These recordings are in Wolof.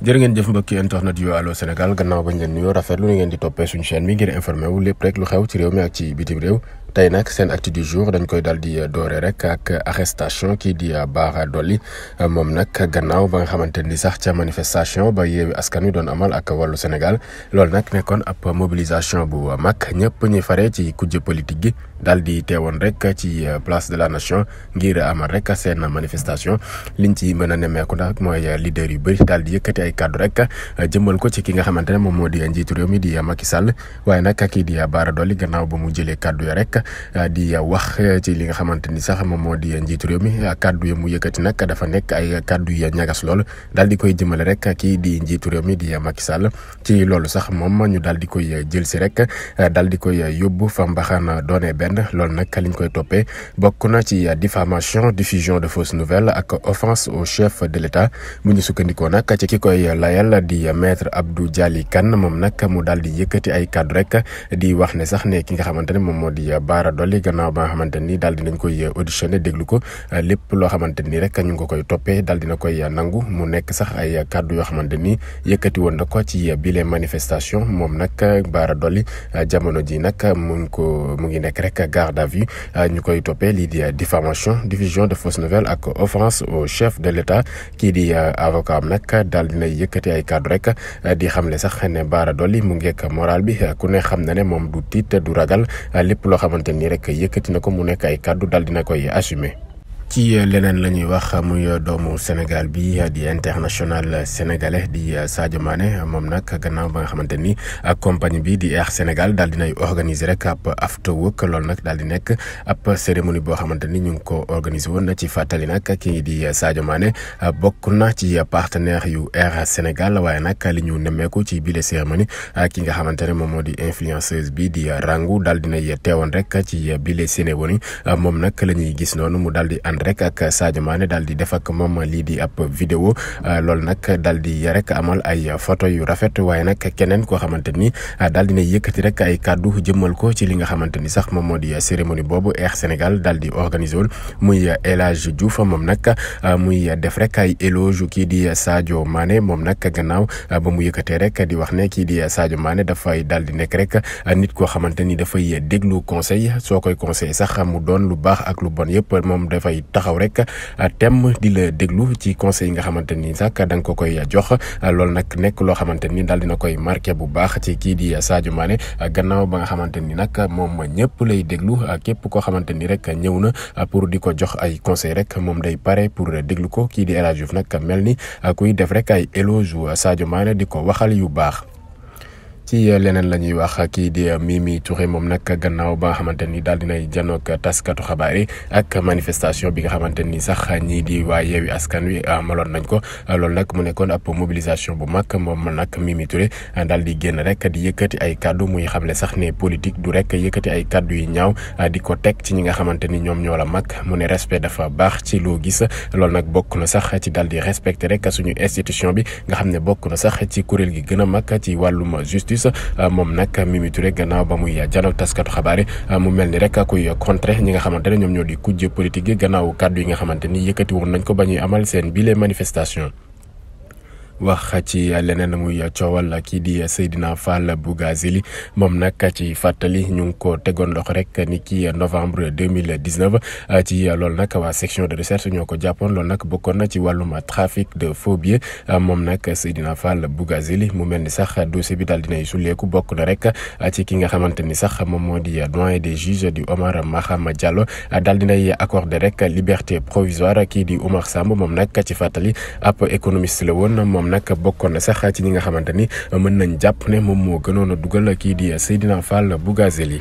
jërë ngeen jëf mbokki internet yu Allô Sénégal gannaaw bañ leen nuyoo rafet lu na ngeen di toppee suñu chaîne bi ngir informé wu lépp rek lu xew ci réew mi ak ci bitim réew tey nag seen acte du jour dañ koy dal di euh, doore rek ak arrestation kii di euh, Bara Dolly euh, moom nag gannaaw ba nga xamante ni sax ca manifestation ba yeewi askan wi doon amal ak wallu Sénégal loolu nag nekkoon ab mobilisation bu mag ñëpp ñi fare ci kujje politique gi daal di teewoon rek ci place de la nation ngir amal rek seen manifestation liñ ci mën a nemmeeku nag mooy leader yu bëri daal di yëkkati ay kàddu rek jëmmal ko ci ki nga xamante ne moom moo di njiitu réew mi di Macky Sall waaye nag kii di Bara Dolly gannaaw ba mu jëlee kàddu yi rek. nag di wax ci li nga xamante ni sax moom moo di njiitu réew mi kàddu yi mu yëkkati nag dafa nekk ay kàddu yi ñagas lool daal di koy jëmale rek kii di njiitu réew mi di Macky Sall ci loolu sax moom ñu dal di koy jël si rek dal di koy yóbbu fa mbaxana doone benn loolu nag liñ koy toppee bokk na ci diffamation diffusion de fausses nouvelles ak offense au chef de l'État bu ñu sukkandikoo nag ci ki koy layal di maître Abdou Dialy Kane moom nag mu daal di yëkkati ay kàddu rek di wax ne sax ne ki nga xamante ne moo di Bara Dolly gannaaw ba nga xamante ni daal dinañ koy euh, euh, lépp loo xamante ni rek ñu ngi ko koy toppee daal dina koy euh, nangu mu nekk sax ay yoo xamante ni yëkkati woon na ko ci bile manifestation moom nag Bara Dolly jamono ji nag mu ngi ko mu ngi nekk rek garde à vue ñu koy toppee lii di diffamation diffusion de fausses nouvelles ak offense au chef kii di avocat am nag daal dina yëkkati ay kàddu rek di xamle sax ne Bara mu ngeek moral bi ku ne xam na ne moom du tiit du ragal lépp loo xamante te ni rek yëkkati na ko mu nekk ay kàddu daal dina koy assumer. ci leneen la ñuy wax muy doomu Sénégal bi di international sénégalais di Sadio Mané moom nag gannaaw ba nga xamante ni compagnie bi di Air Sénégal daal dinay organiser rek ab after work loolu nag daal di nekk ab cérémonie boo xamante ni ñu ngi ko organiser woon na ci fàttali nag kii di Sadio Mané bokk na ci partenaire yu Air Sénégal waaye nag li ñu nemmeeku ci bile cérémonie ki nga xamante ne moom moo di influenceuse bi di Rangou daal dinay teewoon rek ci bile cérémonie moom nag la ñuy gis noonu mu daal di ànd ànd rek ak Sadio maane daal di def ak moom lii di ab vidéo euh, loolu nag dal di rek amal ay photo yu rafet waaye nag keneen koo xamante ni euh, daal di rek ay kàddu jëmmal ko ci li nga xamante ni sax moom moo di cérémonie boobu Air Sénégal daal di organisé wul muy El Hadj moom nag euh, muy def rek ay éloge kii di Sadio Mané moom nag gannaaw ba mu yëkkatee rek di wax ne kii di Sadio Mané dafay daal di rek nit koo xamante ni dafay déglu conseil soo koy conseil sax mu doon lu baax ak lu bon yëpp moom dafay. taxaw rek ah, tem di la déglu ci conseil yi nga xamante ni sax da ko koy jox ah, loolu nag nekk loo xamante ni daal dina koy marqué bu baax ci kii di Sadio Mané ah, gannaaw ba nga xamante ni nag moom ñëpp lay déglu képp koo xamante ni rek ñëw na pour di ko jox ay conseil rek moom day pare pour déglu ko kii di El Hadji nag mel ni kuy def rek ay éloge Sadio Mané di ko waxal yu baax. ci euh, leneen la ñuy wax kii di euh, Mimi Touré moom nag gannaaw ba nga xamante ni daal dinay janook taskatu xabaar yi ak manifestation bi nga xamante ni sax ñii di waa Yewwi Askan Wi amaloon nañ ko loolu nag mu nekkoon ab mobilisation bu mag moom nag Mimi Touré daal di génn rek di yëkkati ay kàddu muy xamle sax ne politique du rek yëkkati ay kàddu yu ñaaw euh, di ko teg ci ñi nga xamante ni ñoom ñoo la mag mu ne respect dafa baax ci loo gis loolu nag bokk na sax ci daal di respecté rek suñu institution bi nga xam ne bokk na sax ci kuréel gi gën a mag ci wàllum justice sa euh, moom nag Mimi Touré gannaaw ba muy janoog taskatu xabaar euh, mu mel ni rek kuy contrer ñi nga xamante ne ñoom ñoo di kujje politique yi gannaaw kàddu yi nga xamante ni yëkkati woon nañ ko ba ñuy amal seen bile manifestation wax ci leneen muy coowal kii di sey Seydina Fall Bougazelli moom nag ci fàttali ñu ngi ko tegoon loxo rek ni ki novembre deux mille dix-neuf ci lool nag waa section de recherche ñoo ko jàppoon loolu nag bokkoon na ci wàllum trafic de faux billets moom nag Seydina Fall Bougazelli mu mel ni sax dossier bi daal dinay suleeku bokk na rek ci ki nga xamante ni sax moom moo di doyen des juges di Omar Maham Diallo daal dinay accordé rek liberté provisoire kii di Oumar Samb moom nag ci fàttali ab économiste la nag bokkoon na sax ci ñi nga xamante ni mën nañ jàpp ne moom moo gënoon a dugal a kii di Seydina Fall Bougazelli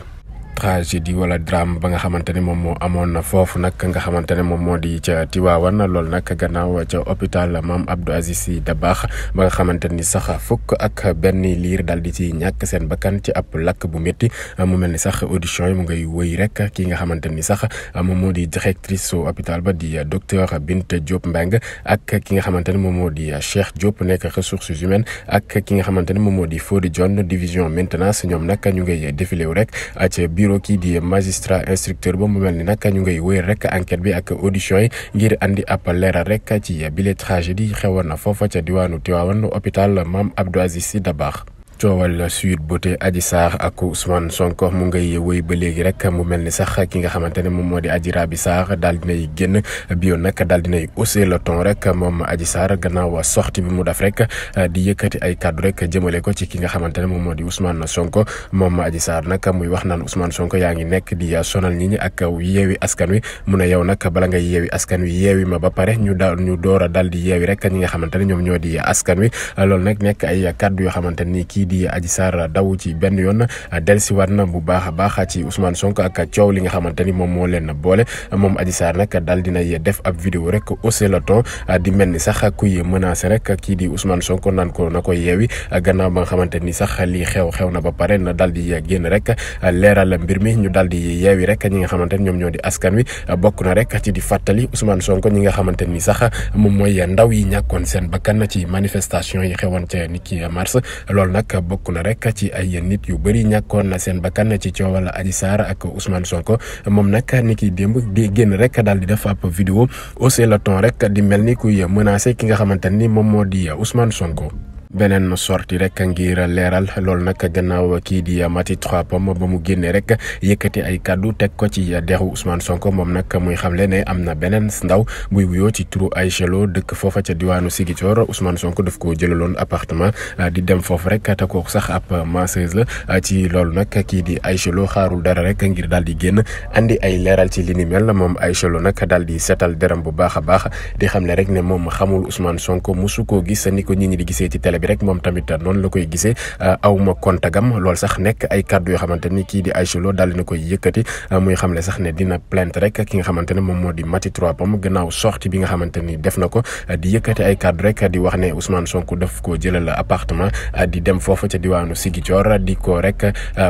tragédie wala drame ba nga xamante ne moom moo amoon foofu nag nga xamante ne moom moo di ca Tiwaawan lool nag gannaaw ca hôpital Maam Abdou Aziz Sy baax ba nga xamante ni sax fukk ak benn liir daal di ci ñàkk seen bakkan ci ab lakk bu métti mu mel ni sax audition yi mu ngay wëy rek ki nga xamante ni sax moom moo di directrice su hôpital ba di docteur Binte Diop Mbeng ak ki nga xamante ne moom moo di Cheikh Diop nekk ressources humaines ak ki nga xamante ne moom moo di Fodé John division maintenance ñoom nag ñu ngay défilé wu rek ci biir tuumaloo kii di magistrat instructeur ba mu mel ni nag ñu ngay wéy rek enquête bi ak audition yi ngir indi ab leeral rek ci bile tragédie xewoon na foofa ca diwaanu Tivaouane hôpital Maam Abdou Aziz Sy Dabakh coowal Sweet Beauté Adji Sarr ak Ousmane Sonko mu ngay wéy ba léegi rek mu mel ni sax ki nga xamante ne moom moo di Adji Raby Sarr daal dinay génn bi yoon nag daal dinay haussé le ton rek moom Adji Sarr gannaaw sortie bi mu def rek di yëkkati ay kàddu rek jëmale ko ci ki nga xamante ne moom moo di Ousmane Sonko moom Adji Sarr nag muy wax naan Ousmane Sonko yaa ngi nekk di sonal nit ñi ak yeewi askan wi mu ne yow nag bala ngay yeewi askan wi yeewi ma ba pare ñu daal ñu door a di yeewi rek ñi nga xamante ne ñoom ñoo di askan wi loolu nag nekk ay kàddu yoo xamante ni kii di Adji Sarr daw ci benn yoon na dellusiwaat na bu baax a baax ci Ousmane sonk ak coow li nga xamante ni moom moo leen boole moom Adji Sarr nag daal dinay def ab vidéo rek haussé le ton di mel ni sax kuy menacé rek kii di Ousmane Sonko naan ko na ko yeewi gannaaw ba nga xamante ni sax lii xew xew na ba pare na daal di génn rek leeral mbir mi ñu daal di yeewi rek ñi nga xamante ni ñoom ñoo di askan wi bokk na rek ci di fàttali Ousmane Sonko ñi nga xamante ni sax moom mooy ndaw yi ñàkkoon seen bakkan ci manifestation yi xewoon ca nit ki mars loolu nag bokk na rek ci ay nit yu bëri ñàkkoon na seen ba bakkan ci coowal Adji Sarr ak Ousmane Sonko moom nag ni kiy démb di génn rek daal di def ab vidéo haussé le ton rek di mel ni kuy menacer ki nga xamante ni moom moo di Ousmane Sonko. beneen sorti rek ngir leeral loolu nag gannaaw kii di Maty Trois Pommes ba mu génnee rek yëkkati ay kàddu teg ko ci dexu Ousmane Sonko moom nag muy xamle ne am na beneen ndaw muy wuyoo ci turu ay Lo dëkk foofa ca diwaanu Ziguinchor Ousmane Sonko daf ko jëlaloon appartement ah, di dem foofu rek te kooku sax ab masseuse la ah, ci loolu nag kii di ay Lo xaarul dara rek ngir daal di génn indi ay leeral ci li ni mel moom ay Lo nag daal di seetal deram bu baax a baax di xamle rek ne moom xamul Ousmane Sonko mosu koo gis ni ko nit ñi di gisee ci télé bi rek moom tamit noonu la koy gisee euh, aw ma kontagam loolu sax nekk ay kàddu yoo xamante ni kii di Aïcha Lo daal dina koy yëkkati euh, muy xamle sax ne dina plainte rek ki nga xamante ne moom moo di Mati Trois Pommes gannaaw sortie bi nga xamante ni def na ko euh, di yëkkati ay kàddu rek di wax ne Ousmane Sonko daf koo jëlal appartement di dem foofu ca diwaanu Ziguinchor di ko rek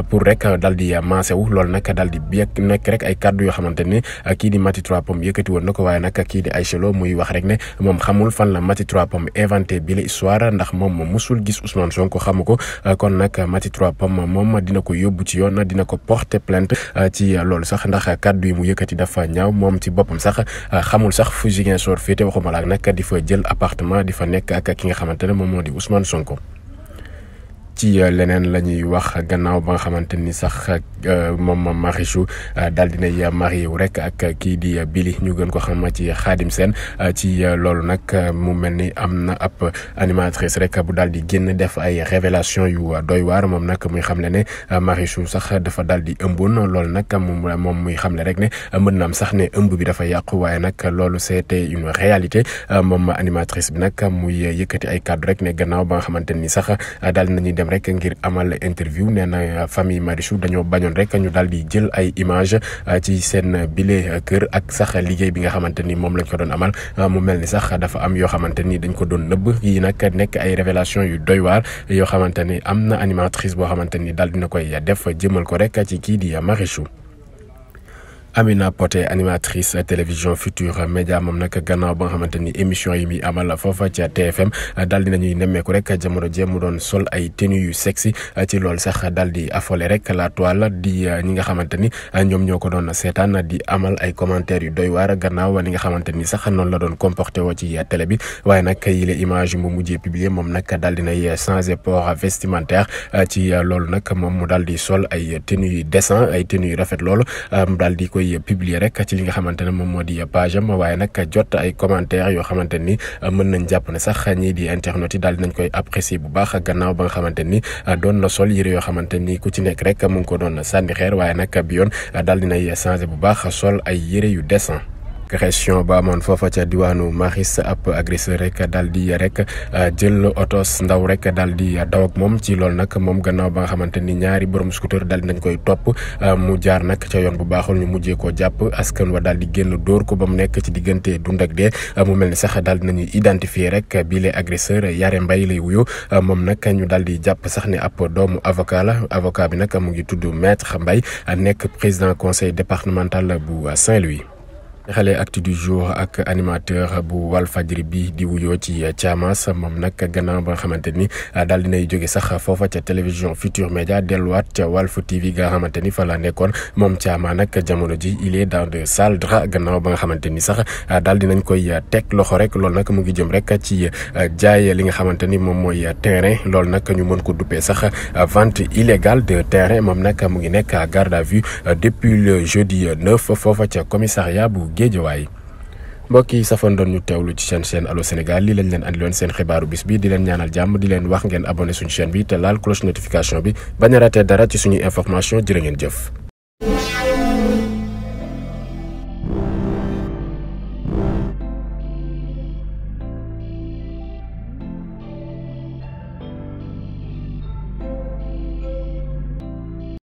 pour dal di maasewu loolu nag dal di biek nekk rek ay kàddu yoo xamante ni kii di Mati Trois Pommes yëkkati woon na ko waaye nag kii di Aïcha Lo muy wax rek ne moom xamul fan la Mati Trois Pommes inventé bi la histoire ndax moom moom mosul gis Ousmane Sonko xamu ko euh, kon nag Mati Trois Pommes moom dina ko yóbbu ci yoon dina ko porter plainte euh, ci loolu sax ndax kàddu yi mu yëkkati dafa ñaaw moom ci boppam sax euh, xamul sax fu Ziguinchor féete waxuma la ak nag di fa jël appartement di fa nekk ak ki nga xamante ne moom moo di Ousmane Sonko. ci euh, leneen la ñuy wax gannaaw ba nga xamante ni sax euh, moom Marichou euh, daal na marié wu rek ak kii di Billy ñu gën ko xam ci Khadim seen ci loolu nag mu mel ni am na ab animatrice rek bu daal di génn def ay révélation yu doy waar moom nag muy xamle ne Marichou sax dafa daal di ëmboon loolu nag moom muy xamle rek ne mën na am sax ne ëmb bi dafa yàqu waaye nag loolu c'était une réalité moom animatrice bi nag muy yëkkati ay kàddu rek ne gannaaw ba nga xamante ni sax dem rek ngir amal interview nee na famille Marichou dañoo bañoon rek ñu daal di jël ay image ah, ci seen bile ah, kër ak sax liggéey bi nga xamante ni moom lañ ko doon amal ah, mu mel ni sax dafa am yoo xamante ni dañ ko doon nëbb yi nag nekk ay révélation yu doy waar yoo xamante ni am na animatrice boo xamante ni daal dina koy def jëmal ko rek ci kii di Marichou Amina Poté animatrice télévision Futur Média moom nag gannaaw ba nga xamante ni émission yi muy amal foofa ca TFM daal di nañuy nemmeeku rek jamono jee mu doon sol ay tenues yu sexy ci loolu sax daal di affolé rek la toile di euh, ñi nga xamante ni euh, ñoom ñoo ko doon seetaan di amal ay commentaires yu doy waar gannaaw li nga xamante ni sax noonu la doon comporté woo ci télé bi waaye nag yile image mu mujjee publié moom nag daal di nay changé port vestimentaire euh, ci loolu nag moom mu daal di sol ay tenues yu décent ay tenues yu rafet loolu mu daal di ko koy publier rek ci li nga xamante ne moom moo di page am waaye nag jot ay commentaires yoo xamante ni euh, mën nañ jàpp ne sax ñii di internet yi daal di nañ koy apprécier bu baax gannaaw ba nga xamante ni euh, doon na sol yëre yoo xamante ni ku ci nekk rek mu ngi ko doon sànni xeer waaye nag bi yoon euh, daal di nay changer bu baax sol ay yëre yu décent. agression ba amoon foofa ca diwaanu Maris ab agresseur rek daal di rek euh, jël otos ndaw rek daal di daw ak moom ci loolu nag moom gannaaw ba nga xamante ni ñaari borom scooter daal di nañ koy topp euh, mu jaar nag ca yoon bu baaxul ñu mujjee koo jàpp askan wa daal di génn dóor ko ba mu nekk ci diggante dund ak dee euh, mu mel ni sax daal di nañu identifier rek bile agresseur Yare mbay lay wuyu moom nag ñu daal di jàpp sax ni ab doomu avocat la avocat bi nag mu ngi tudd maître Mbaye nekk président conseil départemental bu Saint-Louis. xale jour ak animateur bu Walfadjri bi di wuyoo ci Thiamas moom nag gannaaw ba xamante ni ah, daal dinay jóge sax foofa ca télévision Futur Média delluwaat ca Walf TV ga nga xamante ni fa la nekkoon moom Thiamas nag jamono ji il est dans de ba nga xamante ni sax ah, daal dinañ koy teg loxo rek loolu nag mu ngi jëm rek ci ah, jaay li nga xamante ni moom mooy terrain loolu nag ñu mën ko duppee sax vente illégale de terrain moom nag mu ngi nekk à garde à vue depuis le jeudi 9 foofa ca commissariat bu Géejawaay mbokk yi safoon doon ñu teewlu ci seen chaîne Allô Sénégal lii lañ leen andiloon seen xibaaru bis bi di leen ñaanal jàmm di leen wax ngeen abonné suñu seen bi te laal cloche notification bi bañ a dara ci suñuy information jërë ngeen jëf